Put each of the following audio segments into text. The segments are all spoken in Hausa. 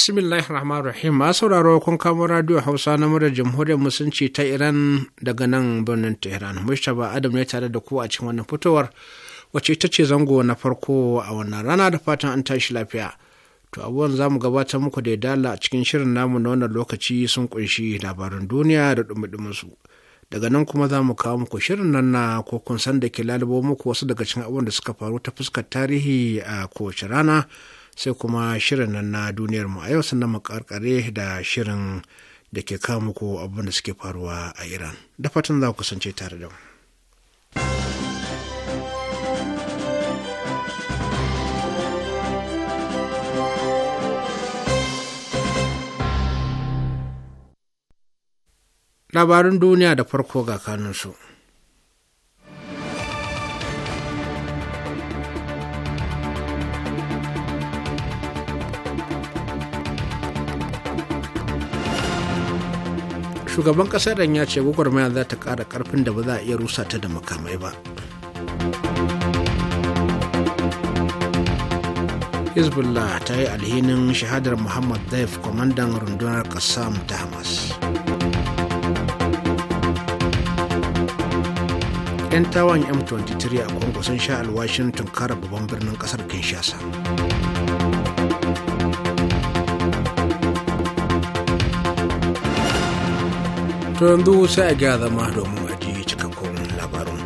bismillahir rahmanir rahim ma sauraro kun kamo radio hausa na murar jamhuriyar musulunci ta iran daga nan birnin tehran mustapha adam ne tare da ku a cikin wannan fitowar wacce ita ce zango na farko a wannan rana da fatan an tashi lafiya to abubuwan za mu gabatar muku da dala a cikin shirin namu na wannan lokaci sun kunshi labarin duniya da dumi su daga nan kuma za mu kawo muku shirin nan na ko kun san da ke lalubo muku wasu daga cikin abubuwan da suka faru ta fuskar tarihi a kowace rana sai kuma shirin nan na duniyar mu a yau sannan mu karkare da shirin da ke kamu ko abin da suke faruwa a Iran. Da fatan za ku kasance tare da mu. Labarin duniya da farko ga kanunsu. shugaban kasar ran ya ce gwagwarmaya za ta ƙara ƙarfin da ba za a iya rusa ta da makamai ba hezbollah ta yi alhinin shahadar muhammad daif kwamandan rundunar kassam ta hamas yan tawan m23 a kwango sun sha alwashin tunkara babban birnin kasar kinshasa to yanzu sai a gyara zama domin a ji cikakkun labarin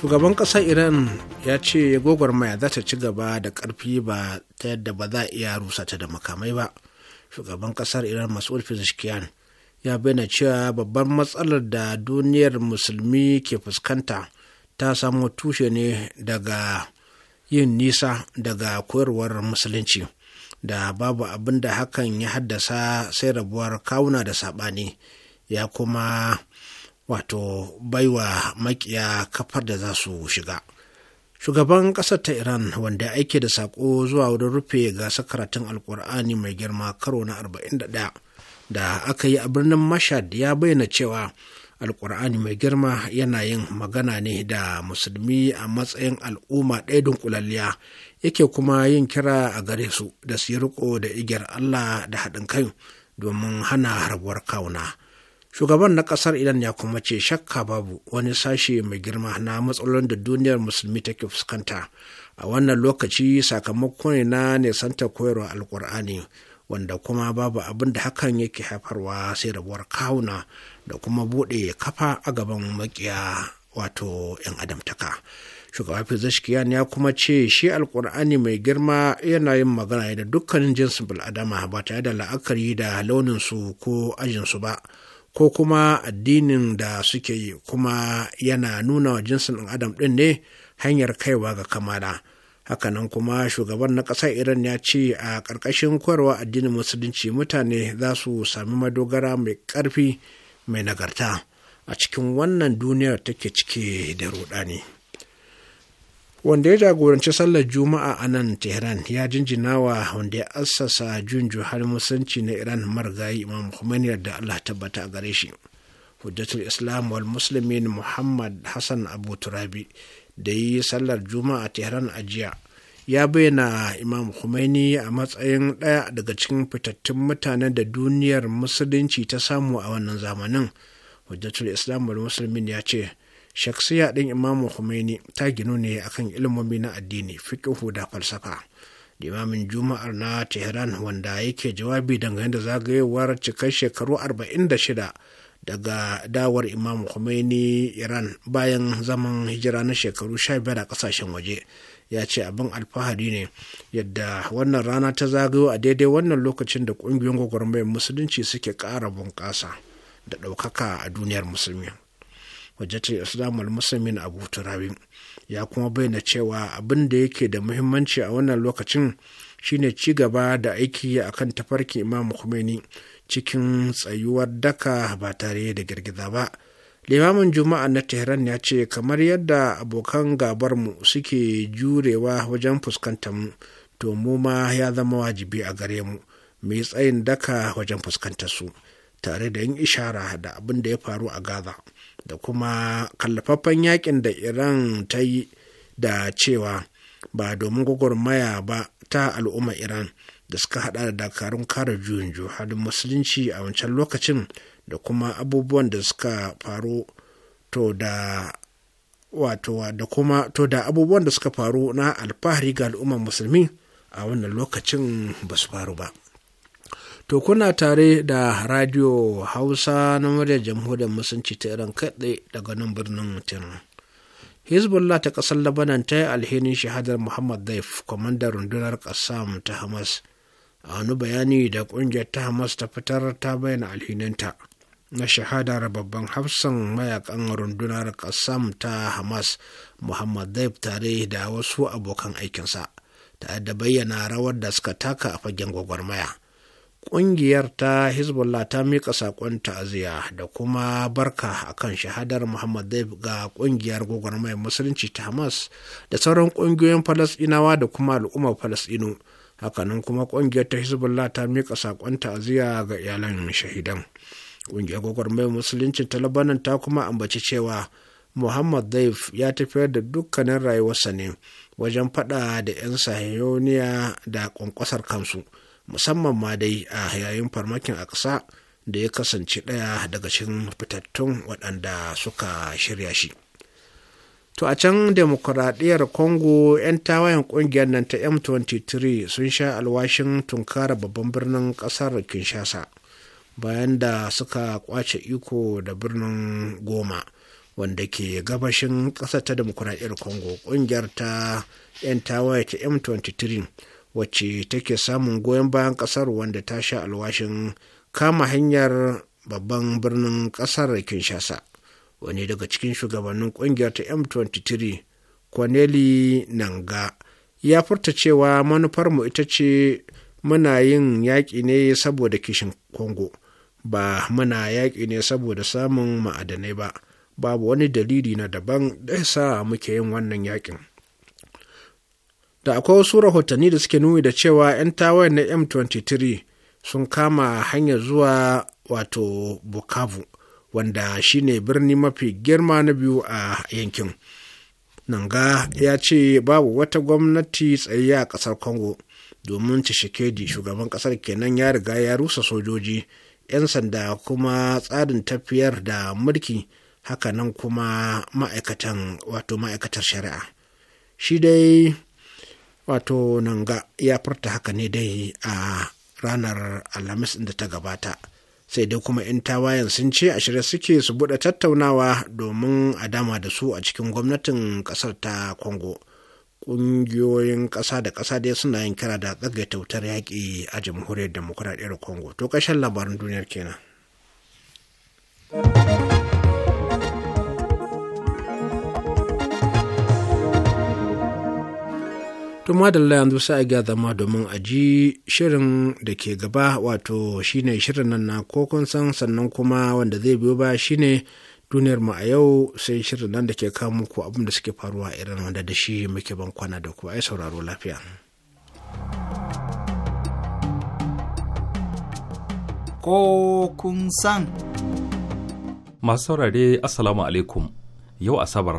shugaban ƙasar iran ya ce maya za ta ci gaba da ƙarfi ba ta yadda ba za a iya rusa ta da makamai ba shugaban ƙasar iran mas'ud pezeshkian ya bayyana cewa babbar matsalar da duniyar musulmi ke fuskanta ta samo tushe ne daga yin nisa daga koyarwar musulunci da babu abin da hakan ya haddasa sai rabuwar kawuna da saɓani ya kuma wato baiwa makiya kafar da za su shiga shugaban ƙasar ta iran wanda aike da saƙo zuwa wurin rufe gasa karatun alkur'ani mai girma karo na 41 da aka yi a birnin mashad ya bayyana cewa alkur'ani mai girma yana yin magana ne da musulmi a matsayin al'umma ɗaya dunkulalliya yake kuma yin kira a gare su da su yi riko da igiyar allah da haɗin kai domin hana harbuwar kauna shugaban na ƙasar iran ya kuma ce shakka babu wani sashe mai girma na matsalolin da duniyar musulmi take fuskanta a wannan lokaci sakamako ne na nesanta koyarwa alkur'ani wanda kuma babu abin da hakan yake haifarwa sai rabuwar kawuna da kuma buɗe kafa a gaban makiya wato 'yan adamtaka Shugaban pezeshkian ya kuma ce shi alkur'ani mai girma yana yin magana da dukkanin jinsin bil'adama ba tare da la'akari da launinsu ko ajinsu ba ko kuma addinin da suke yi kuma yana nuna wa jinsin ɗan adam ɗin ne hanyar kaiwa ga kamala hakanan kuma shugaban na ƙasar iran ya ce a ƙarƙashin koyarwa addinin musulunci mutane za su sami madogara mai ƙarfi mai nagarta a cikin wannan duniyar take cike da ruɗani. wanda ya jagoranci sallar juma'a a nan tehran ya jinjina wa wanda ya assasa junju har musanci na iran marigayi imam khomeini da allah tabbata a gare shi hujjatul islam wal muslimin muhammad hassan abu turabi da yi sallar juma'a a tehran a jiya ya bayyana imam khomeini a matsayin ɗaya daga cikin fitattun mutanen da duniyar musulunci ta samu a wannan zamanin hujjatul islam wal muslimin ya ce shaksiya din imamu Khomeini ta ginu ne akan ilimomi na addini fiqhu da falsafa limamin juma'ar na tehran wanda yake jawabi dangane da zagayowar cikar shekaru 46 daga dawar imam khomeini iran bayan zaman hijira na shekaru 15 a kasashen waje ya ce abin alfahari ne yadda wannan rana ta zagayo a daidai wannan lokacin da ƙungiyoyin gwagwarmayar musulunci suke ƙara bunƙasa da ɗaukaka a duniyar musulmi Hujjatar islam al-musulmin abu turabi ya kuma bayyana cewa abin da yake da muhimmanci a wannan lokacin shine ci gaba da aiki akan tafarki imam khomeini cikin tsayuwar daka ba tare da girgiza ba limamin juma'a na tehran ya ce kamar yadda abokan gabar gabarmu suke jurewa wajen fuskantar mu to mu ma ya zama wajibi a gare mu mai tsayin daka wajen fuskantar su tare da yin ishara da abin da ya faru a gaza da kuma kallafaffen yakin da iran ta yi da cewa ba domin gwagwarmaya ba ta al'ummar iran da suka hada da dakarun kare juyin halin musulunci a wancan lokacin da kuma abubuwan da suka faru to da wato da kuma to da abubuwan da suka faru na alfahari ga al'ummar musulmi a wannan lokacin ba su faru ba To kuna tare da radio Hausa na muryar jamhuriyar musulunci ta Iran kaɗe daga nan birnin mutum. Hezbollah ta ƙasar Labanan ta yi alhinin shahadar Muhammad Daif, kwamandan rundunar ƙasam ta Hamas. A wani bayani da ƙungiyar ta Hamas ta fitar ta bayyana alhininta na shahadar babban hafsan mayakan rundunar ƙasam ta Hamas, Muhammad Daif tare da wasu abokan aikinsa, ta da bayyana rawar da suka taka a fagen gwagwarmaya. ƙungiyar ta hezbollah ta mika sakon ta'aziyya da kuma barka akan shahadar muhammad zaif ga ƙungiyar gwagwarmayar musulunci ta hamas da sauran ƙungiyoyin falasɗinawa da kuma al'ummar falasɗinu hakanan kuma ƙungiyar ta hezbollah ta mika saƙon ta'aziyya ga iyalan shahidan ƙungiyar gwagwarmayar musulunci ta labanan ta kuma ambaci cewa muhammad zaif ya tafiyar da dukkanin rayuwarsa ne wajen faɗa da 'yan sahiyoniya da ƙwanƙwasar kansu musamman ma dai a yayin farmakin aksa da ya kasance ɗaya daga cikin fitattun waɗanda suka shirya shi to a can demokuraɗiyar congo 'yan tawayen ƙungiyar nan ta m23 sun sha alwashin tunkara babban birnin ƙasar kinshasa bayan da suka kwace iko da birnin goma wanda ke gabashin ƙasar ta demokuraɗiyar congo ƙungiyar ta 'yan tawaye ta m23 wacce take samun goyon bayan ƙasar wanda ta sha alwashin kama hanyar babban birnin ƙasar kinshasa wani daga cikin shugabannin ƙungiyar ta m23 kwaneli nanga ya furta cewa manufarmu ita ce muna yin yaƙi ne saboda kishin kongo ba muna yaƙi ne saboda samun ma'adanai ba babu wani dalili na daban da sa muke yin wannan yaƙin da akwai wasu rahotanni da suke nuni da cewa 'yan tawayen na m23 sun kama hanyar zuwa wato bukavu wanda shine birni mafi girma na biyu a yankin nanga ya ce babu wata gwamnati tsaye a ƙasar congo domin cishikedi shugaban ƙasar kenan ya riga ya rusa sojoji 'yan sanda kuma tsarin tafiyar da mulki hakanan kuma ma'aikatan wato ma'aikatar shari'a shi dai wato nanga ya furta haka ne dai a ranar alhamis da ta gabata sai dai kuma 'yan tawayen sun ce a shirya suke su buɗe tattaunawa domin a dama da su a cikin gwamnatin ƙasar ta kongo ƙungiyoyin ƙasa da ƙasa dai suna yin kira da tsagai tautar yaƙi a jamhuriyar demokuraɗiyar congo to ƙashin labarin duniyar kenan. kuma da yanzu sai a zama domin a ji shirin da ke gaba wato shine shirin nan na kokon san sannan kuma wanda zai biyo ba shine duniyar mu a yau sai shirin nan da ke kawo muku abin da suke faruwa irin wanda da shi muke ban kwana da ku ai sauraro lafiya. Kokun san. Masu saurare Assalamu alaikum yau Asabar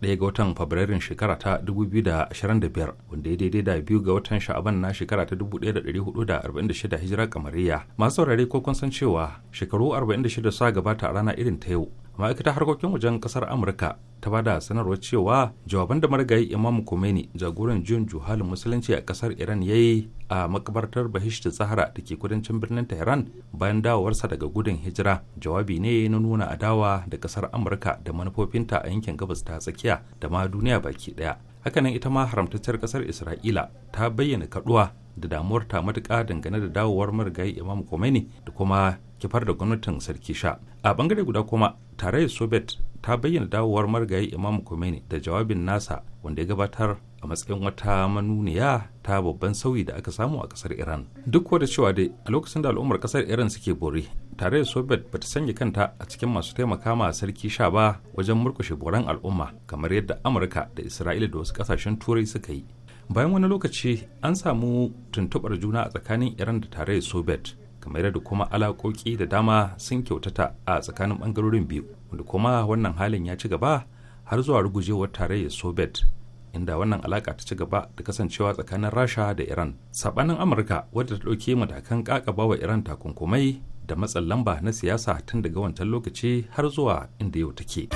ɗaya ga watan fabrairun shekara ta 2025 wanda ya daidai da biyu ga watan sha'aban na shekara ta 1446 hijira kamariya masu saurari ko kun san cewa shekaru 46 sa gabata a rana irin ta yau ma'aikatar harkokin wajen kasar amurka ta bada sanarwar cewa jawaban da marigayi imam Khomeini jagoran juyin juhalin musulunci a kasar iran ya yi a makabartar da zahara da ke kudancin birnin tehran bayan dawowarsa daga gudun hijira jawabi ne na nuna adawa da kasar amurka da manufofinta a yankin gabas ta tsakiya da ma duniya baki daya hakanan ita ma haramtacciyar kasar isra'ila ta bayyana kaduwa da damuwar ta matuka dangane da dawowar marigayi imam Khomeini da kuma kifar da gwamnatin sarki sha a bangare guda kuma tarayyar soviet ta bayyana dawowar marigayi imam Khomeini da jawabin nasa wanda ya gabatar a matsayin wata manuniya ta babban sauyi da aka samu a kasar iran duk da cewa dai a lokacin da al'ummar kasar iran suke bore tare da soviet ba ta sanya kanta a cikin masu taimaka ma sarki sha ba wajen murkushe boran al'umma kamar yadda amurka da isra'ila da wasu kasashen turai suka yi bayan wani lokaci an samu tuntuɓar juna a tsakanin iran da tare da soviet kamar yadda kuma alaƙoƙi da dama sun kyautata a tsakanin ɓangarorin biyu wanda kuma wannan halin ya ci gaba har zuwa rugujewar tarayyar soviet inda wannan alaka ta ci gaba da kasancewa tsakanin rasha da iran sabanin amurka wadda ta ɗauki matakan kakaba wa iran takunkumai da matsan lamba na siyasa tun daga wancan lokaci har zuwa inda yau take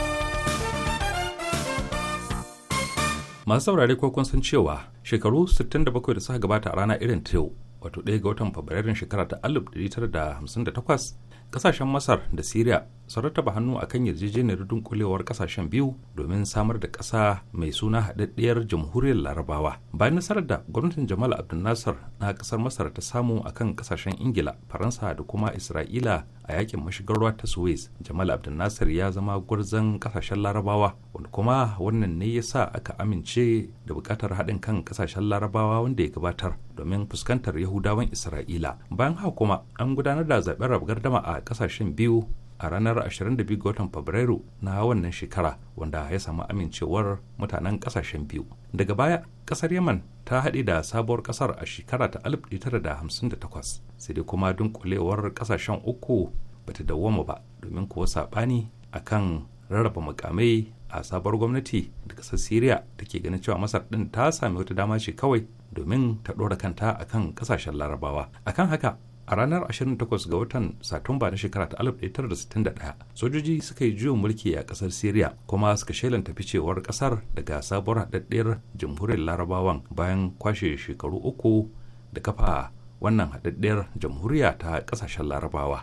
masu saurare ko kun san cewa shekaru 67 da suka gabata a rana irin ta yau wato ɗaya ga watan fabrairun shekara ta 1958 kasashen masar da syria sun rattaba hannu a kan yarjejeniyar dunkulewar kasashen biyu domin samar da ƙasa mai suna haɗaɗɗiyar jamhuriyar larabawa bayan nasarar da gwamnatin jamal abdul na ƙasar masar ta samu a kan kasashen ingila faransa da kuma isra'ila a yakin mashigar ruwa ta suez jamal abdul nasir ya zama gwarzon kasashen larabawa wanda kuma wannan ne ya sa aka amince da bukatar haɗin kan kasashen larabawa wanda ya gabatar domin fuskantar yahudawan isra'ila bayan haka kuma an gudanar da zaɓen rabgar dama a kasashen biyu a ranar 22 ga watan fabrairu na wannan shekara wanda ya samu amincewar mutanen kasashen biyu daga baya kasar yaman ta haɗe da sabuwar kasar a shekara ta 1958 sai dai kuma dunkulewar kasashen uku bata dawoma ba domin kuwa saɓani kan rarraba mukamai a sabuwar gwamnati da kasar syria da ke ganin cewa masar ɗin ta sami wata dama ce kawai domin ta ɗora kanta a kan kasashen larabawa akan haka a ranar 28 ga watan satumba na shekara ta 1961 sojoji suka yi juyin mulki a kasar syria kuma suka shelanta ficewar kasar daga sabuwar haɗaɗɗiyar jamhuriyar larabawan bayan kwashe shekaru uku da kafa wannan haɗaɗɗiyar jamhuriya ta ƙasashen larabawa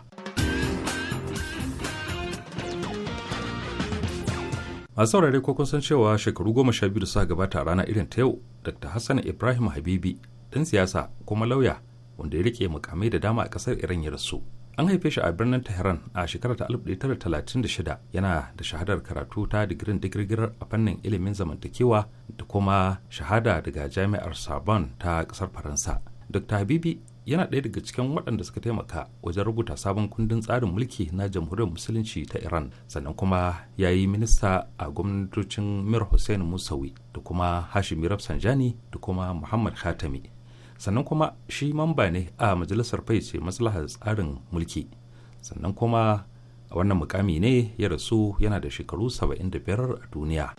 masu saurare ko san cewa shekaru goma sha biyu da suka gabata a rana irin ta yau dr hassan ibrahim habibi ɗan siyasa kuma lauya wanda ya rike mukamai da dama a ƙasar iran ya rasu an haife shi a birnin tehran a shekarar ta 1936 yana da shahadar karatu ta digirin digirgirar a fannin ilimin zamantakewa da kuma shahada daga jami'ar sabon ta kasar faransa dr habibi yana ɗaya daga cikin waɗanda suka taimaka wajen rubuta sabon kundin tsarin mulki na jamhuriyar musulunci ta iran sannan kuma ya yi minista a gwamnatocin mir hussein musawi da kuma hashimi rafsanjani da kuma muhammad khatami sannan kuma shi mamba ne a majalisar faice maslahar tsarin mulki sannan kuma a wannan mukami ne ya rasu yana da shekaru 75 a duniya.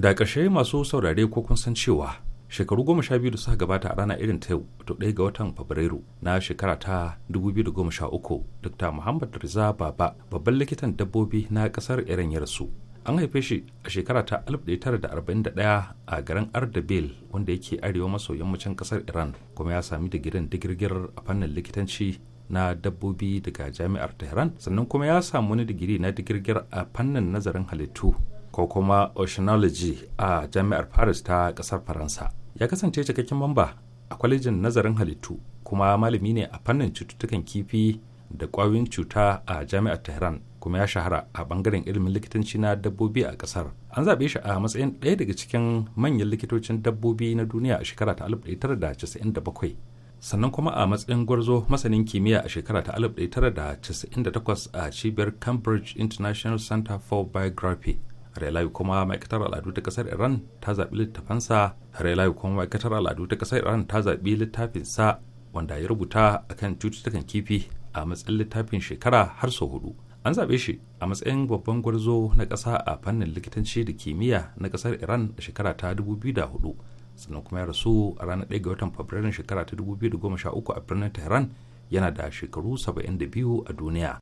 da ƙarshe masu saurare ko kun san cewa shekaru goma sha biyu da suka gabata a rana irin ta yau wato ɗaya ga watan fabrairu na shekara ta 2013 dr muhammad riza baba babban likitan dabbobi na ƙasar iran ya rasu an haife shi a shekara ta 1941 a garin ardabil wanda yake arewa maso yammacin ƙasar iran kuma ya sami digirin digirgir a fannin likitanci na dabbobi daga jami'ar tehran sannan kuma ya samu wani digiri na digirgir a fannin nazarin halittu ko kuma oceanology a jami'ar paris ta ƙasar faransa ya kasance cikakken mamba a kwalejin nazarin halittu kuma malami ne a fannin cututtukan kifi da kwayoyin cuta a jami'ar tehran kuma ya shahara a bangaren ilimin likitanci na dabbobi a kasar an zaɓe shi a matsayin ɗaya daga cikin manyan likitocin dabbobi na duniya a shekara ta 1997 sannan kuma a matsayin gwarzo masanin kimiyya a shekara ta 1998 a cibiyar cambridge international center for biography relay kuma ma'aikatar al'adu ta kasar Iran ta zaɓi littafansa Harelayu kuma ma'aikatar al'adu ta kasar Iran ta zaɓi littafinsa wanda ya rubuta akan cututtukan kifi a matsayin littafin shekara har sau hudu. An zaɓe shi a matsayin babban gwarzo na ƙasa a fannin likitanci da kimiyya na ƙasar Iran a shekara ta 2004 sannan kuma ya rasu a ranar 1 ga watan Fabrairun shekara ta 2013 a birnin Tehran yana da shekaru 72 a duniya.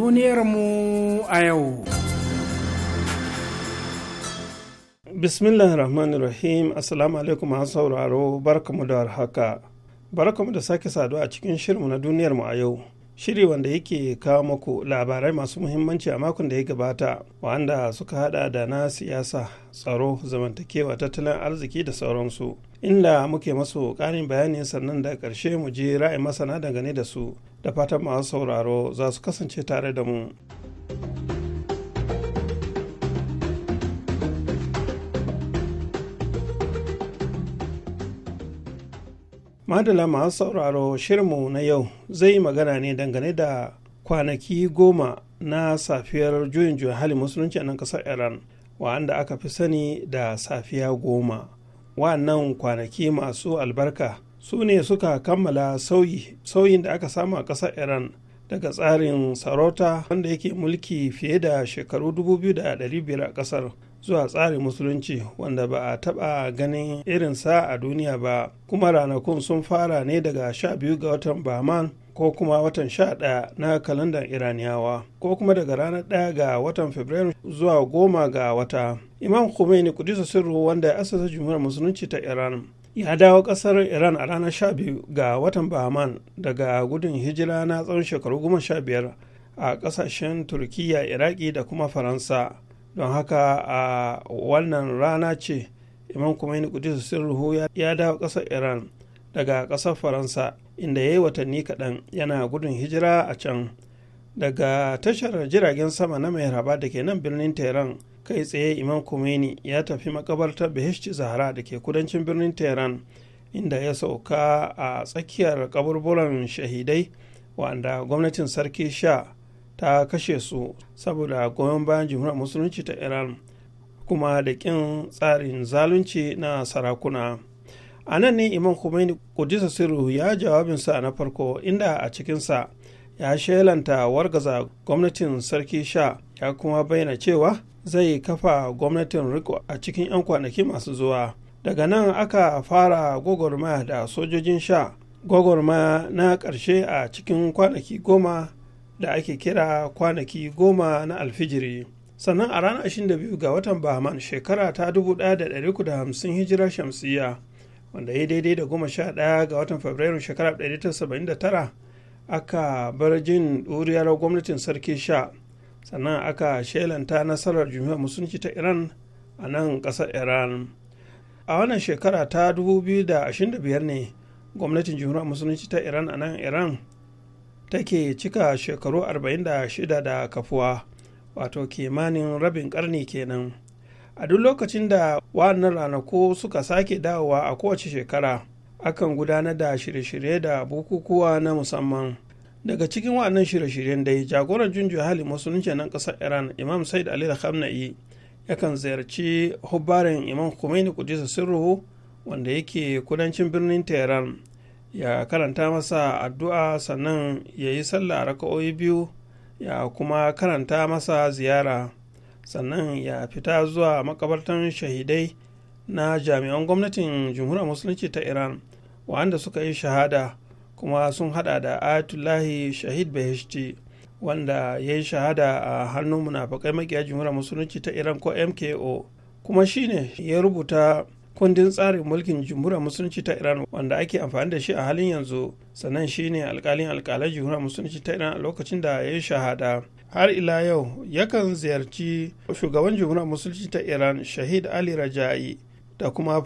duniyarmu a yau. bismillah rahman Rahim, Assalamu alaikum masu sauraro, barkamu da haka. Barkamu da sake saduwa a cikin shirinmu na duniyarmu a yau. Shiri wanda yake kawo muku labarai masu muhimmanci a makon da ya gabata, wanda suka hada da na siyasa, tsaro, zamantakewa, tattalin arziki da sauransu. inda muke masu ƙarin bayani sannan da ƙarshe mu je ra'ayin masana dangane da su da fatan masu sauraro za su kasance tare da mu. madala masu sauraro shirinmu na yau zai magana ne dangane da kwanaki goma na safiyar juyin juyin hali musulunci a nan kasar iran wa'anda aka fi sani da safiya goma wannan kwanaki masu albarka su ne suka kammala sauyi sauyin da aka samu a ƙasar iran daga tsarin sarauta wanda yake mulki fiye da shekaru 2,500 a ƙasar zuwa tsarin musulunci wanda ba a taɓa ganin irinsa a duniya ba kuma ranakun sun fara ne daga 12 ga watan bahman ko kuma watan sha ɗaya na kalandar iraniyawa ko kuma daga ranar ɗaya ga watan fabrairu zuwa goma ga wata imam khomeini kudisa sirru wanda ya asasa jumhuriyar musulunci ta iran ya dawo ƙasar iran a ranar biyu ga watan bahman daga gudun hijira na tsawon shekaru goma sha biyar a kasashen turkiya iraki da kuma faransa don haka a wannan rana ce imam kumaini kudisa sirru ya dawo ƙasar iran daga ƙasar faransa inda ya yi watanni kaɗan yana gudun hijira a can daga tashar jiragen sama na mai raba da ke nan birnin tehran kai tsaye imam kumeni ya tafi makabartar beheshti zahara da ke kudancin birnin tehran inda ya sauka a tsakiyar kaburburan shahidai wanda gwamnatin sarki sha ta kashe su saboda goyon bayan jimhuriyar musulunci ta iran kuma da ƙin tsarin zalunci na sarakuna a nan ne imam khomeini kudisa sirru ya jawabinsa na farko inda a cikinsa ya shelanta wargaza gwamnatin sarki sha ya kuma bayyana cewa zai kafa gwamnatin riko a cikin 'yan kwanaki masu zuwa daga nan aka fara gwagwarmaya da sojojin sha gwagwarmaya na ƙarshe a cikin kwanaki goma da ake kira kwanaki goma na alfijiri sannan a ranar 22 ga watan bahman shekara ta 1350 hijira shamsiyya wanda ya daidai da goma sha ɗaya ga watan fabrairu shekara 1979 aka bar jin ɗuriyar gwamnatin sarki sha sannan aka shelanta nasarar jumhuriyar musulunci ta iran a nan ƙasar iran a wannan shekara ta 2025 ne gwamnatin jumhuriyar musulunci ta iran a nan iran take cika shekaru 46 da kafuwa wato kimanin rabin ƙarni kenan. a duk lokacin da wa'annan ranaku suka sake dawowa a kowace shekara akan gudanar da shirye-shirye da bukukuwa na musamman daga cikin wa'annan shirye-shiryen dai jagoran junju hali musulunci nan kasar iran imam said ali khamna'i yakan ziyarci hubbarin imam khomeini kudisa sirru, wanda yake kudancin birnin tehran ya karanta masa addu'a sannan ya yi sallah raka'o'i biyu ya kuma karanta masa ziyara sannan ya fita zuwa makabartan shahidai na jami'an gwamnatin jamhuriyar musulunci ta iran wanda suka yi shahada kuma sun hada da ayatullahi shahid bahishti wanda ya yi shahada a hannun munafakai makiya jamhuriyar musulunci ta iran ko mko kuma shine ya rubuta kundin tsarin mulkin jamhuriyar musulunci ta iran wanda ake amfani da shi a halin yanzu sannan shine alkalin alkalai jamhuriyar musulunci ta iran a lokacin da ya yi shahada har ila yau yakan ziyarci shugaban jumhuriyar musulci ta iran shahid ali raja'i da kuma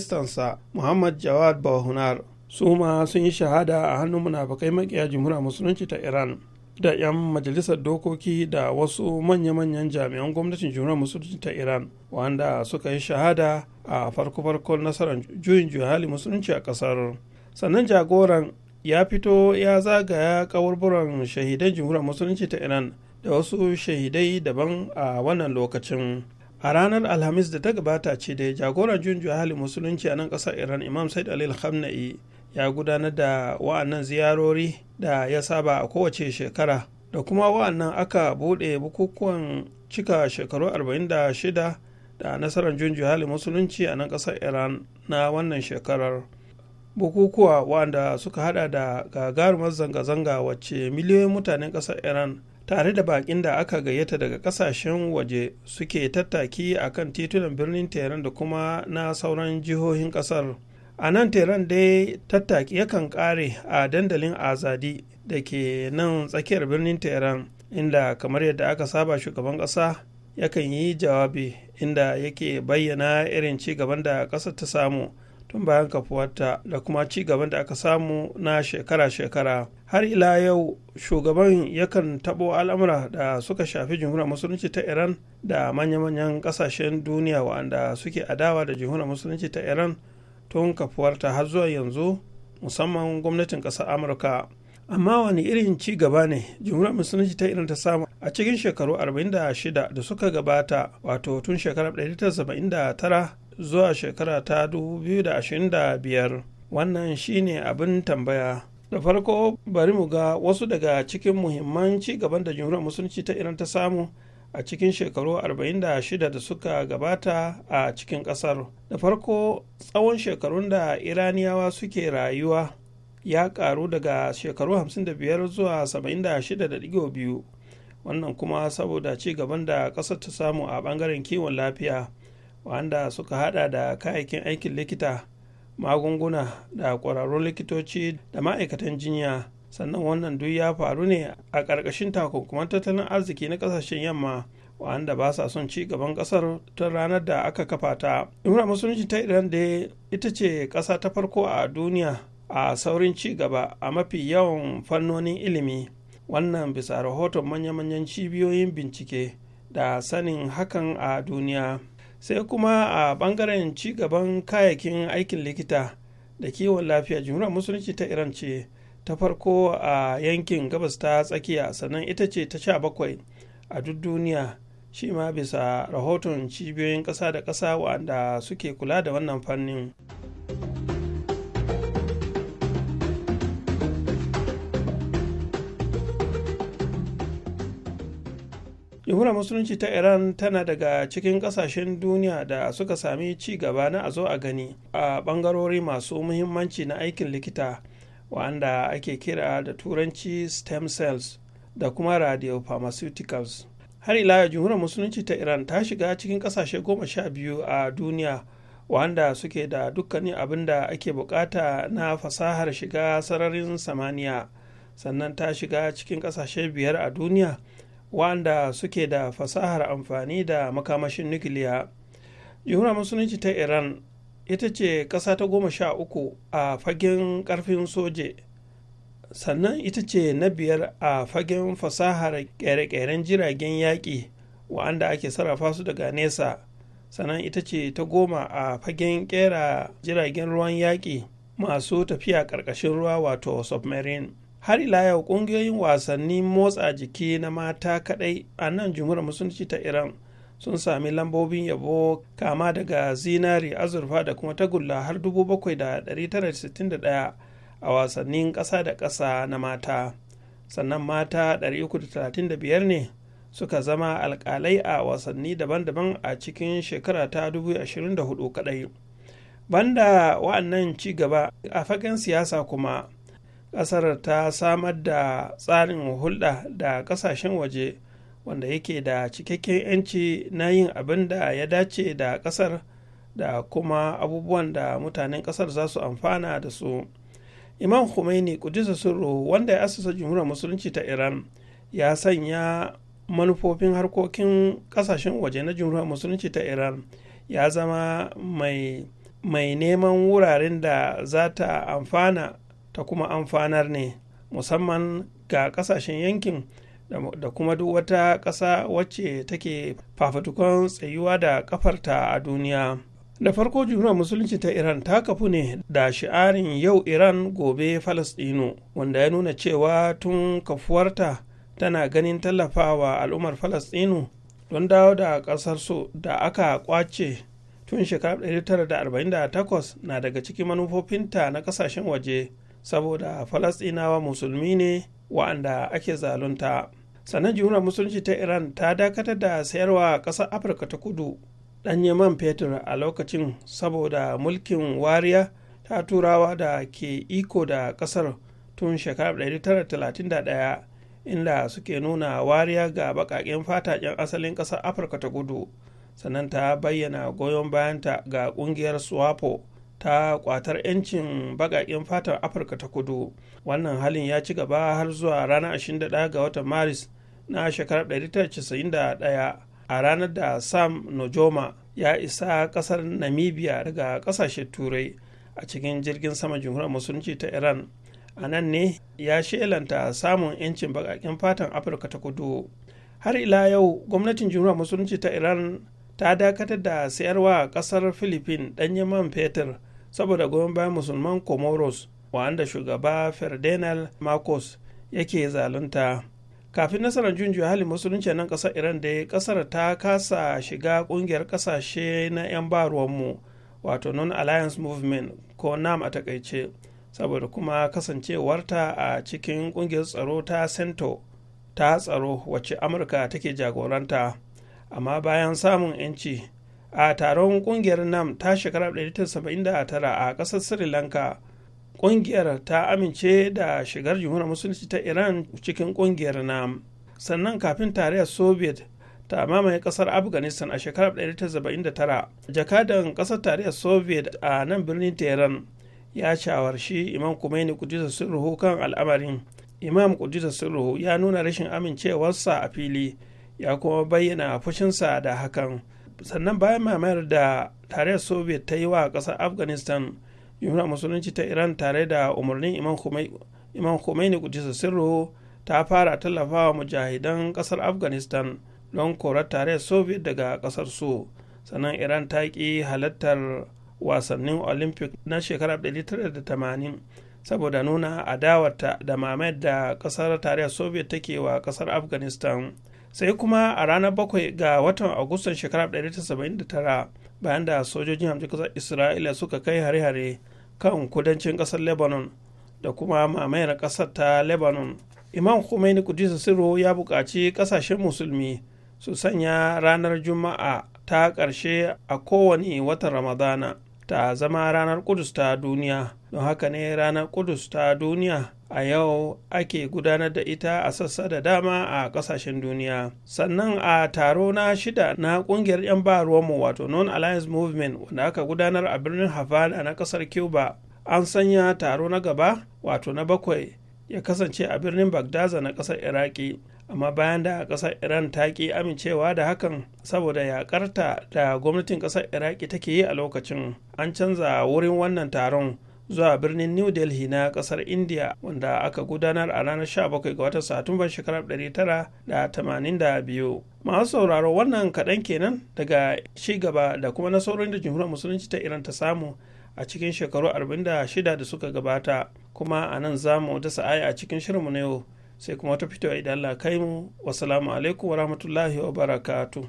sa muhammad jawad bahunar su ma sun yi shahada a hannun munafakai makiya jumhuriyar musulunci ta iran da 'yan majalisar dokoki da wasu manya-manyan jami'an gwamnatin jumhuriyar musulunci ta iran wanda suka yi shahada a farko-farkon nasarar juyin juhali musulunci a kasar sannan jagoran ya fito ya zagaya kaburburan shahidan jamhuriyar musulunci ta iran da wasu shahidai daban a wannan lokacin a ranar alhamis da ta gabata ce da jagoran junjuya halin musulunci a nan kasar iran imam said alil khamna'i ya gudanar da wa'annan ziyarori da ya saba a kowace shekara da kuma wa'annan aka bude bukukuwan cika shekaru 46 da nasarar junjuya halin musulunci a nan kasar iran na wannan shekarar bukukuwa wanda suka hada da gagarumar zanga-zanga wacce miliyoyin mutanen kasar iran tare da bakin da aka gayyata daga kasashen waje suke tattaki a kan titunan birnin tehran da kuma na sauran jihohin kasar a nan tehran dai tattaki yakan kare a dandalin azadi da ke nan tsakiyar birnin tehran inda kamar yadda aka saba shugaban kasa yakan yi jawabi inda yake bayyana irin ci gaban da kasar ta samu tun bayan kafuwarta da kuma ci gaban da aka samu na shekara-shekara har ila yau shugaban yakan tabo al'amura da suka shafi jamhuriyar musulunci ta iran da manya-manyan kasashen duniya wa'anda suke adawa da jamhuriyar musulunci ta iran tun kafuwarta har zuwa yanzu musamman gwamnatin ƙasar amurka amma wani irin ci gaba ne jumhuriyar musulunci ta irin ta samu a cikin shekaru 46 da suka gabata wato tun shekarar 1979 zuwa shekara ta 2025 wannan shine abin tambaya da farko bari mu ga wasu daga cikin muhimman ci gaban da jumhuriyar musulunci ta iran ta samu a cikin shekaru 46 da suka gabata a cikin kasar. da farko tsawon shekarun da iraniyawa suke rayuwa ya karu daga shekaru 55 zuwa 76.2 wannan kuma saboda ci gaban da kasar ta samu a bangaren kiwon lafiya wanda suka hada da kayayyakin aikin likita magunguna da kwararrun likitoci da ma'aikatan jinya sannan wannan duk ya faru ne a ƙarƙashin takunkuman tattalin arziki na ƙasashen yamma wanda ba sa son ci gaban ƙasar tun ranar da aka kafa ta imra musulunci ta iran da ita ce ƙasa ta farko a duniya a saurin ci gaba a mafi yawan fannonin ilimi wannan bisa rahoton manya-manyan cibiyoyin bincike da sanin hakan a duniya. sai kuma a ɓangaren gaban kayayyakin aikin likita da kiwon lafiya jumhuriyar musulunci ta iran ce ta farko a yankin gabas ta tsakiya sannan ita ce ta sha bakwai a duk duniya shi ma bisa rahoton cibiyoyin ƙasa da ƙasa waɗanda suke kula da wannan fannin. jamhuriyar musulunci ta iran tana daga cikin kasashen duniya da suka sami ci gaba na a zo a gani a bangarori masu muhimmanci na aikin likita wanda ake kira da turanci stem cells da kuma radiopharmaceuticals har ila jamhuriyar musulunci ta iran ta shiga cikin kasashe goma sha biyu a duniya wanda suke da dukkanin abin da ake bukata na fasahar shiga sararin samaniya sannan ta shiga cikin kasashe biyar a duniya wanda suke da fasahar amfani da makamashin nukiliya jihuna musulunci ta iran ita ce ƙasa ta goma sha uku a fagen ƙarfin soje sannan ita ce na biyar a fagen fasahar ƙere-ƙeren jiragen yaƙi wa'anda ake sarrafa su daga nesa sannan ita ce ta goma a fagen ƙera jiragen ruwan yaƙi masu tafiya ƙarƙashin ruwa wato submarine har ila yau ƙungiyoyin wasannin motsa jiki na mata kaɗai a nan jumhuriyar musulunci ta iran sun sami lambobin yabo kama daga zinari azurfa da kuma tagulla har 7,961 a wasannin ƙasa da ƙasa na mata sannan mata 335 ne suka zama alƙalai a wasanni daban-daban a cikin shekara ta 2024 kadai banda wa'annan ci gaba a fagen siyasa kuma kasar ta samar da tsarin hulɗa da ƙasashen waje wanda yake da cikakken 'yanci na yin abin da ya dace da ƙasar da kuma abubuwan da mutanen ƙasar za su amfana da su imam khomeini kudisa sirru wanda ya asusa jumhuriyar musulunci ta iran ya sanya manufofin harkokin ƙasashen waje na jumhuriyar musulunci ta iran ya zama mai mai neman wuraren da za ta amfana ta kuma amfanar ne musamman ga kasashen yankin da kuma duk wata ƙasa wacce take fafatukon tsayuwa da kafarta a duniya da farko juna musulunci ta iran ta kafu ne da shi'arin yau iran gobe falastinu wanda ya nuna cewa tun kafuwarta tana ganin tallafawa al'ummar falastinu don dawo da ƙasarsu da aka kwace tun shekarar 1948 na daga cikin manufofinta na ƙasashen waje saboda falasɗinawa musulmi ne wa'anda ake zalunta sannan jihunar musulunci ta iran ta dakatar da sayarwa ƙasar afirka ta kudu ɗanye man fetur a lokacin saboda mulkin wariya ta turawa da ke iko da ƙasar tun shekarar 1931 inda suke nuna wariya ga baƙaƙen fataƙen asalin ƙasar afirka ta kudu sannan ta bayyana goyon bayanta ga ƙungiyar swapo ta kwatar 'yancin baƙaƙen fatar afirka ta kudu wannan halin ya ci gaba har zuwa ranar 21 ga watan maris na shekarar 1991 a ranar da sam nojoma ya isa ƙasar namibia daga kasashen turai a cikin jirgin sama jamhuriyar musulunci ta iran a nan ne ya shelanta samun 'yancin bakaƙen fatan afirka ta kudu har ila yau gwamnatin jamhuriyar musulunci ta iran ta dakatar da sayarwa kasar philippines ɗanyen man fetur saboda goyon bayan musulman comoros wanda shugaba ferdinand marcos yake zalunta kafin nasarar junjiya halin musulunci nan kasar iran da kasar ta kasa shiga kungiyar kasashe na 'yan baruwanmu wato non alliance movement ko nam a takaice saboda kuma kasancewarta a cikin kungiyar tsaro ta sento ta tsaro wacce amurka take jagoranta amma bayan samun 'yanci a taron kungiyar nam ta shekarar 1979 a kasar sri lanka kungiyar ta amince da shigar jamhuriyar musulunci ta iran cikin kungiyar nam sannan kafin tarayyar soviet ta mamaye kasar afghanistan a shekarar 1979 jakadan kasar tarayyar soviet a nan birnin tehran ya shawarci imam kumaini kudisa sirruhu kan al'amarin imam kudisa sirruhu ya nuna rashin amincewarsa a fili ya kuma bayyana fushinsa da hakan sannan bayan mamayar da tarayyar soviet ta yi wa ƙasar afghanistan yuna musulunci ta iran tare da umarnin imam khomeini kudisa sirro ta fara tallafa wa mujahidan ƙasar afghanistan don korar tarayyar soviet daga ƙasar su sannan iran ta ƙi halartar wasannin olympic na shekarar 1980 saboda nuna adawarta da mamayar da ƙasar tarayyar soviet take wa ƙasar afghanistan sai kuma a ranar bakwai ga watan agustan shekarar 1979 bayan da sojojin hamshin kasar isra'ila suka kai hare-hare kan kudancin kasar lebanon da kuma mamayar kasar ta lebanon imam khomeini kudisa siro ya buƙaci ƙasashen musulmi su sanya ranar juma'a ta ƙarshe a kowane watan ramadana ta zama ranar kudus ta duniya don haka ne ranar kudus ta duniya a yau ake gudanar da ita a sassa da dama a kasashen duniya sannan a taro na shida na kungiyar 'yan ba ruwanmu wato non alliance movement wanda aka gudanar a birnin havana na kasar cuba an sanya taro na gaba wato na bakwai ya kasance a birnin bagdaza na kasar iraki amma bayan da kasar iran ta ki amincewa da hakan saboda yakarta da gwamnatin kasar iraki take yi a lokacin an canza wurin wannan taron zuwa birnin new delhi na kasar india wanda aka gudanar a ranar 17 ga watan satumbar shekarar 1982 masu sauraro wannan kaɗan kenan daga ci gaba da kuma nasarorin da jamhuriyar musulunci ta iran ta samu a cikin shekaru 46 da suka gabata kuma a nan za mu dasa aya a cikin shirinmu na yau sai kuma ta fito idan Allah kai mu wasalamu alaikum wa rahmatullahi wa barakatu.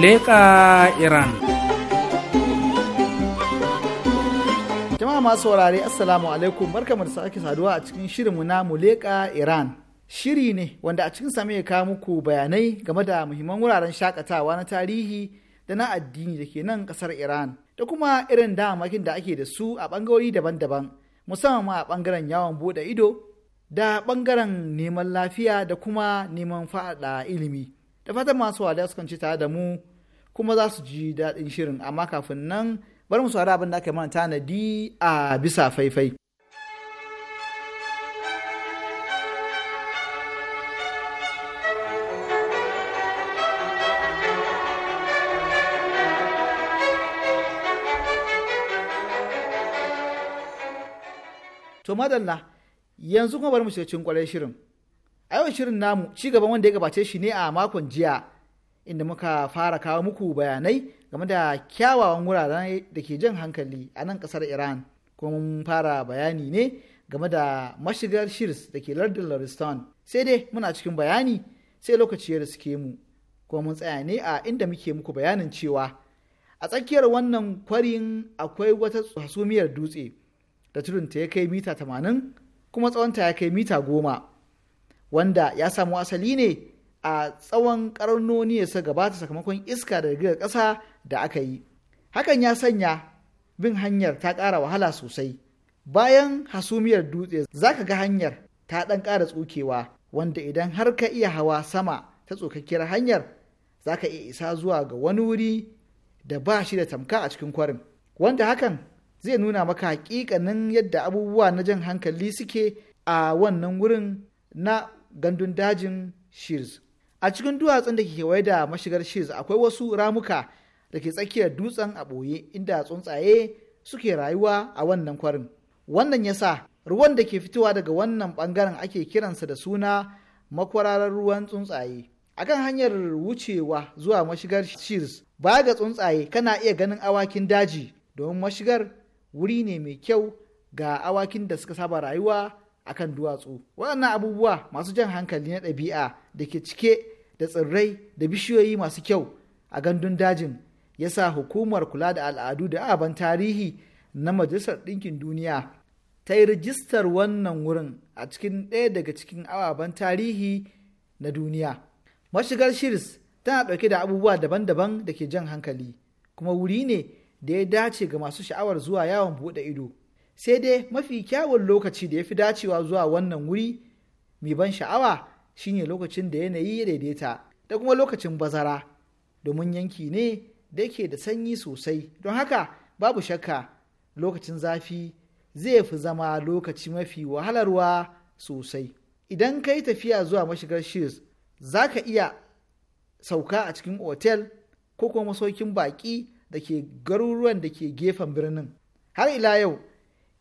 leƙa iran jama'a masu saurare assalamu alaikum barkamu da sake saduwa a cikin mu na muleka iran shiri ne wanda a cikin same ya kawo muku bayanai game da muhimman wuraren shakatawa na tarihi da na addini da ke nan kasar iran da kuma irin damakin da ake da su a bangarori daban-daban musamman ma a bangaren yawon bude ido da bangaren neman lafiya da kuma neman faɗa ilimi da fatan masu wada su ci tare da mu kuma za su ji daɗin shirin amma kafin nan bari mu saurari abin da aka mana tanadi a bisa faifai. To madalla yanzu kuma bari mu shiga cikin shirin. A yau shirin namu ci gaban wanda ya gabace shi ne a makon jiya inda muka fara kawo muku bayanai game da kyawawan wuraren da ke jan hankali a nan kasar iran kuma mun fara bayani ne game da mashigar shirs da ke lardin lariston sai dai muna cikin bayani sai lokaci ya suke mu kuma mun tsaya ne a inda muke muku bayanin cewa a tsakiyar wannan kwarin akwai wata hasumiyar dutse da turinta ya kai mita tamanin kuma tsawonta ya kai mita goma wanda ya samu asali ne a tsawon karnoni ya sa gabata sakamakon iska da girgizar ƙasa da aka yi hakan ya sanya bin hanyar ta ƙara wahala sosai bayan hasumiyar dutse za ka ga hanyar ta ɗan ƙara tsukewa wanda idan har ka iya hawa sama ta tsokakkiyar hanyar za ka iya isa zuwa ga wani wuri da ba shi da tamka a cikin kwarin wanda hakan zai nuna maka hakikanin yadda abubuwa na jan hankali suke a wannan wurin na gandun dajin shears a cikin duwatsun da ke kewaye da mashigar shiz akwai wasu ramuka da ke tsakiyar dutsen a ɓoye inda tsuntsaye suke rayuwa a wannan kwarin wannan yasa ruwan da ke fitowa daga wannan ɓangaren ake kiransa da suna makwararar ruwan tsuntsaye akan hanyar wucewa zuwa mashigar shiz baya ga tsuntsaye kana iya ganin awakin daji domin mashigar wuri ne mai kyau ga awakin da suka saba rayuwa akan duwatsu waɗannan abubuwa masu jan hankali na ɗabi'a da ke cike da tsirrai da bishiyoyi masu kyau a gandun dajin ya sa hukumar kula da al'adu da aban tarihi na majalisar ɗinkin duniya ta yi rijistar wannan wurin a cikin ɗaya daga cikin ababen tarihi na duniya mashigar shirs tana ɗauke da abubuwa daban-daban da ke jan hankali kuma wuri ne da ya dace ga masu sha'awar zuwa yawon buɗe ido sai dai mafi kyawun lokaci da ya fi dacewa zuwa wannan wuri mai ban sha'awa shine lokacin da yanayi ya daidaita da kuma lokacin bazara domin yanki ne da ke da sanyi sosai don haka babu shakka lokacin zafi zai fi zama lokaci mafi wahalarwa sosai idan ka yi tafiya zuwa mashigar shirs za ka iya sauka a cikin otel ko kuma masaukin baƙi da ke garuruwan da ke gefen birnin har ila yau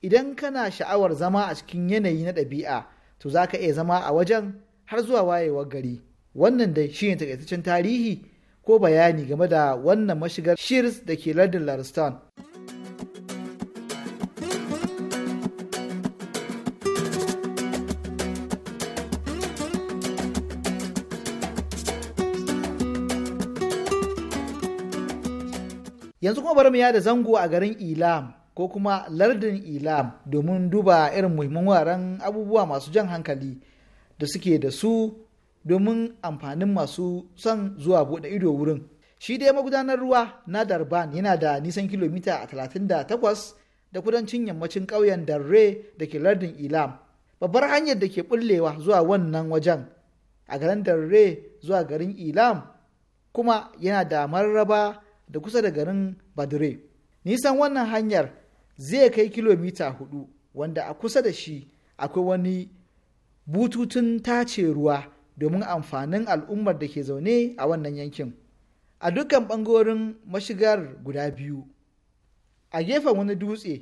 idan kana sha'awar zama a cikin yanayi na ɗabi'a to za ka iya zama a wajen har zuwa wayewar gari wannan da shi ne takaitaccen tarihi ko bayani game da wannan mashigar Shirs da ke lardin laristan yanzu kuma bari mu yada zango a garin ilam ko kuma lardin ilam domin duba irin muhimman wuraren abubuwa masu jan hankali da suke da su domin amfanin masu son zuwa buɗe ido wurin shi dai magudanar ruwa na darban yana da nisan kilomita 38 da kudancin yammacin ƙauyen darre da ke lardin ilam babbar hanyar da ke bullewa zuwa wannan wajen a garin darre zuwa garin ilam kuma yana da mararraba da kusa da garin badire nisan wannan hanyar zai kai kilomita hudu wanda a kusa da shi akwai wani bututun tace ruwa domin amfanin al'ummar da ke zaune a wannan yankin a dukkan bangorin mashigar guda biyu a gefen wani dutse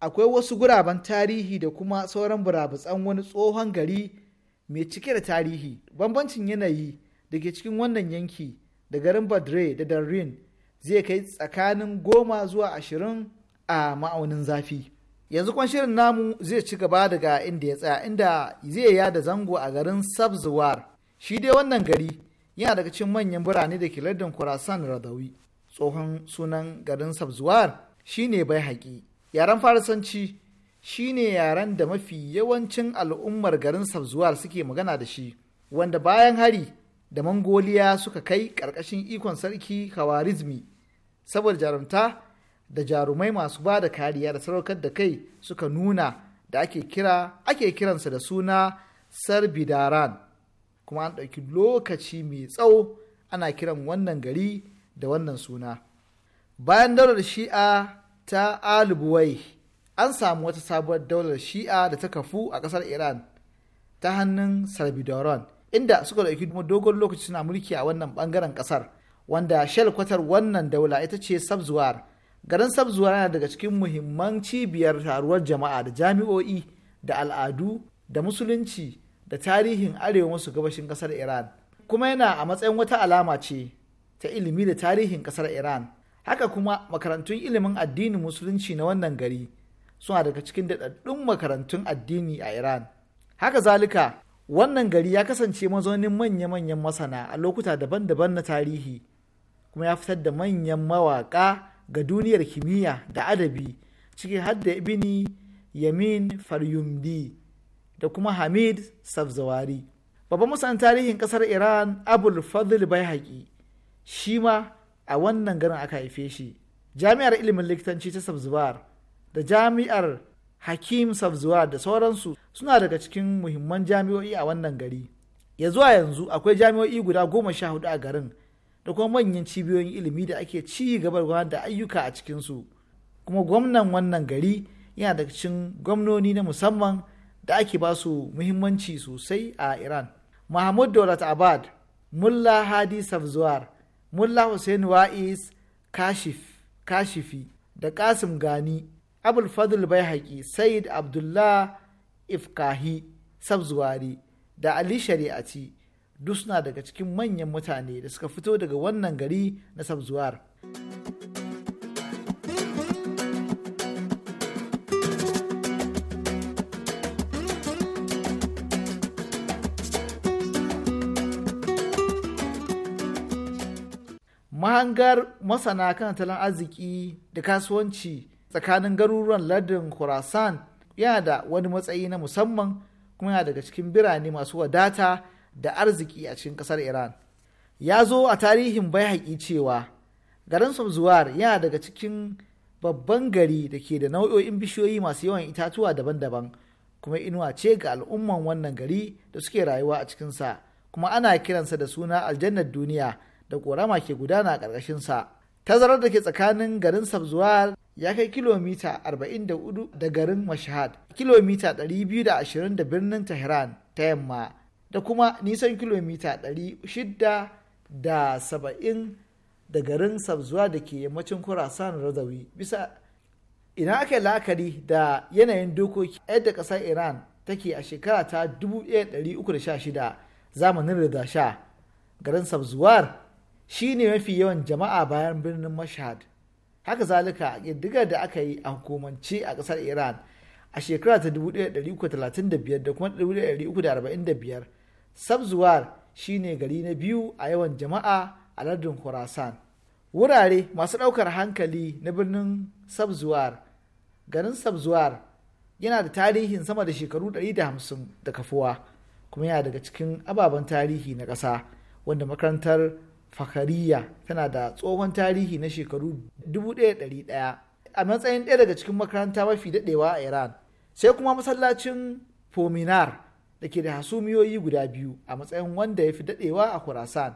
akwai wasu guraben tarihi da kuma sauran burabutsan wani tsohon gari mai cike da tarihi bambancin yanayi da ke cikin wannan yanki da garin badre da darrin zai kai tsakanin goma zuwa ashirin a ma'aunin zafi yanzu kwan shirin namu zai ci gaba daga inda ya tsaya inda zai yada zango a garin sabzuwar shi dai wannan gari yana daga cikin manyan birane da ke lardin kurasan radawi tsohon sunan garin sabzuwar shine bai haƙi yaren farisanci shine yaren da mafi yawancin al'ummar garin sabzuwar suke magana da shi wanda bayan hari da mangoliya suka kai ƙarƙashin ikon sarki kawarizmi saboda jarumta da jarumai masu ba da kariya da saraukar da kai suka nuna da ake kira ake kiransa da suna sarbidaran kuma an ɗauki lokaci mai tsawo ana kiran wannan gari da wannan suna bayan daular shi'a ta alibuwai an samu wata sabuwar daular shi'a da ta kafu a ƙasar iran ta hannun sarbidaran inda suka ɗauki dogon lokaci suna mulki a wannan ɓangaren ƙasar wanda shalkwatar wannan daula ita ce sabzuwar garin sabzuwa yana daga cikin muhimman cibiyar taruwar jama'a da jami'o'i da al'adu da musulunci da tarihin arewa masu gabashin kasar iran kuma yana a matsayin wata alama ce ta ilimi da tarihin kasar iran haka kuma makarantun ilimin addinin musulunci na wannan gari suna daga cikin daɗaɗɗun makarantun addini a iran haka zalika wannan gari ya kasance mazaunin manya-manyan masana a lokuta daban-daban na tarihi kuma ya fitar da manyan mawaƙa ga duniyar kimiyya da adabi ciki hadda ibini yamin faryumdi da kuma hamid safzawari babban musan tarihin kasar iran abul fadl baihaqi shi ma a wannan garin aka haife shi jami'ar ilimin likitanci ta safzawar da jami'ar hakim safzawar da sauransu suna daga cikin muhimman jami'o'i a wannan gari ya zuwa yanzu akwai jami'o'i guda goma sha hudu a garin da kuma manyan cibiyoyin ilimi da ake ci gaba da ayyuka a cikinsu kuma gwamnan wannan gari yana da cikin gwamnoni na musamman da ake ba su muhimmanci sosai a iran mahmud daulat abad mulla hadi safzuwar mulla hussein wa'is kashif kashifi da kasim gani abul fadl bai said abdullah ifkahi safzuwari da ali shari'ati duk suna daga cikin manyan mutane da suka fito daga wannan gari na sabzuwar. mahangar masana kan tattalin arziki da kasuwanci tsakanin garuruwan lardin khorasan yana da wani matsayi na musamman kuma yana daga cikin birane masu wadata da arziki a cikin ƙasar iran ya zo a tarihin bai cewa garin samzuwar yana daga cikin babban gari da ke da nau'o'in bishiyoyi masu yawan itatuwa daban-daban kuma inuwa ce ga al'umman wannan gari da suke rayuwa a cikinsa kuma ana kiransa da suna aljannar duniya da ƙorama ke gudana a ƙarƙashinsa tazarar da ke tsakanin garin sabzuwar ya kai kilomita 44 da garin mashahad kilomita 220 da birnin tehran ta yamma da kuma nisan kilomita 600 da saba'in da garin sabzuwa da ke yammacin kurasan radawi bisa ina aka la'akari da yanayin dokoki yadda ƙasar iran take a shekara ta 1316 zamanin rida sha garin sabzuwar shi ne mafi yawan jama'a bayan birnin mashhad haka zalika ƙiddigar da aka yi a hukumance a ƙasar iran a shekara ta 1335 da kuma 1345 sabzuwar shine gari na biyu a yawan jama'a a lardin khurasan wurare masu ɗaukar hankali na birnin sabzuwar garin sabzuwar yana da tarihin sama da shekaru 150 da kafuwa kuma yana daga cikin ababen tarihi na ƙasa wanda makarantar fakariya tana da tsohon tarihi na shekaru 1100 a matsayin ɗaya daga cikin makaranta mafi daɗewa a iran sai kuma masallacin fominar da ke da hasumiyoyi guda biyu a matsayin wanda ya fi dadewa a Kurasan.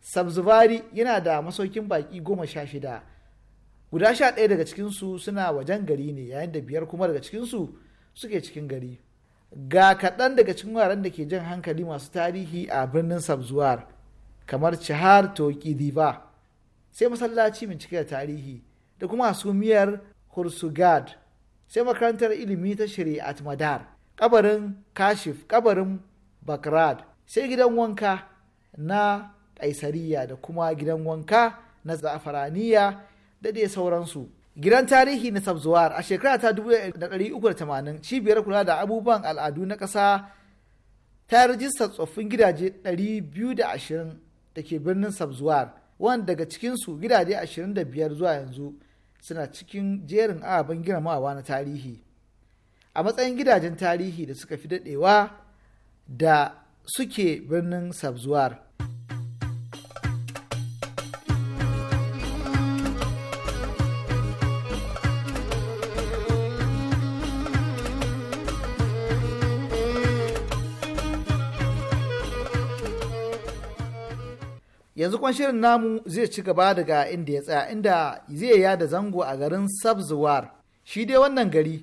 Sabzuvari yana da masaukin baƙi goma sha shida. Guda sha ɗaya daga cikinsu suna wajen gari ne yayin da biyar kuma daga cikinsu suke cikin gari. Ga kaɗan daga cikin wuraren da ke jan hankali masu tarihi a birnin Sabzuwar kamar Cihar Toki Diva sai masallaci bincike cike da tarihi da kuma hasumiyar Hursugad sai makarantar ilimi ta Shari'at Madar. kabarin kashif kabarin bakrad sai gidan wanka na kaisariya da kuma gidan wanka na zafaraniya da dai sauransu gidan tarihi na sabzuwar a shekara ta 1380 cibiyar kula da abubuwan al'adu na ƙasa ta rajistar tsoffin gidaje 220 da ke birnin sabzuwar wanda daga cikinsu gidaje 25 zuwa yanzu suna cikin jerin ababen girmamawa na tarihi a matsayin gidajen tarihi da suka fi daɗewa da suke birnin sabzuwar yanzu kwan shirin namu zai ci gaba daga inda ya tsaya inda zai yada zango a garin sabzuwar shi dai wannan gari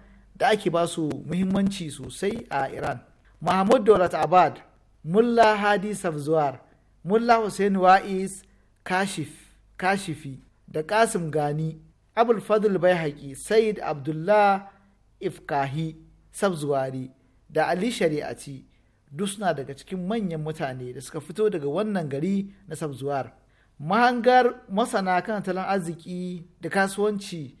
da ake ba su muhimmanci sosai a iran mahmud daulat abad mulla hadi safzuwar mulla hussein wa'is kashif kashifi da kasim gani abul fadl bai said abdullah ifkahi sabzuwari da ali shari'ati duk suna daga cikin manyan mutane da suka fito daga wannan gari na sabzuwar mahangar masana kan talan arziki da kasuwanci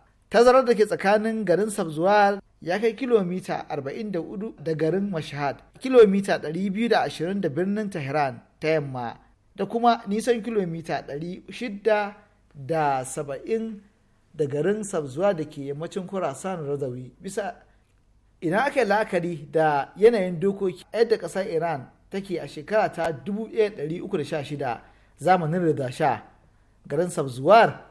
tazarar da ke tsakanin garin sabzuwar ya kai kilomita 44 da garin mashahad kilomita 220 da birnin tehran ta yamma da kuma nisan kilomita 670 da garin sabzuwa da ke yammacin kurasan razawi bisa ina aka yi la'akari da yanayin dokoki yadda ƙasar iran take a shekara ta 1316 zamanin rida sha garin sabzuwar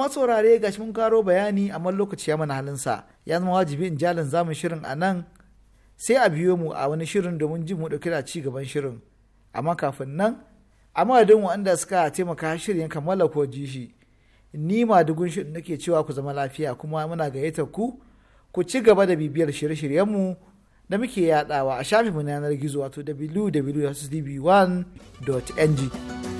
masu saurare gashi mun karo bayani amma lokaci ya mana sa ya zama wajibi in jalin zamun shirin a nan sai a biyo mu a wani shirin domin jin mu dauki da ci gaban shirin amma kafin nan a madadin wanda suka taimaka shirin kammala ko ji shi ni ma dugun shirin nake cewa ku zama lafiya kuma muna gayyatar ku ku ci gaba da bibiyar shirye shiryen mu da muke yadawa a shafinmu na yanar gizo wato www.cdb1.ng